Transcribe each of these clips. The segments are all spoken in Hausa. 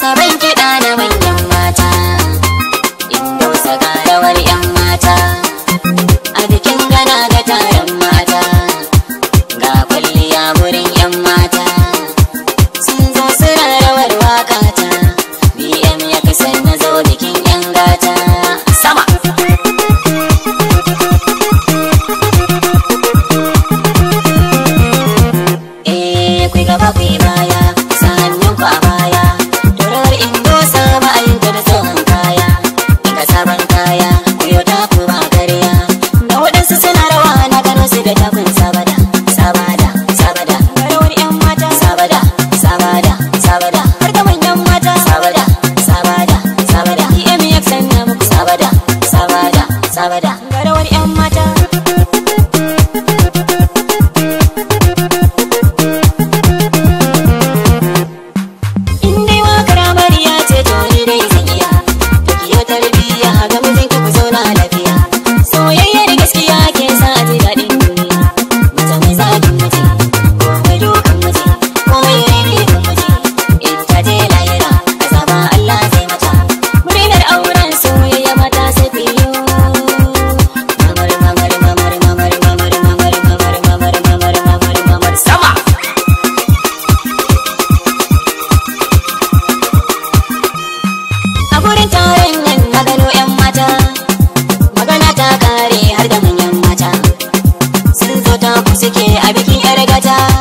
saben it. mata ku suke a bikin 'yar gata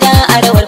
abada a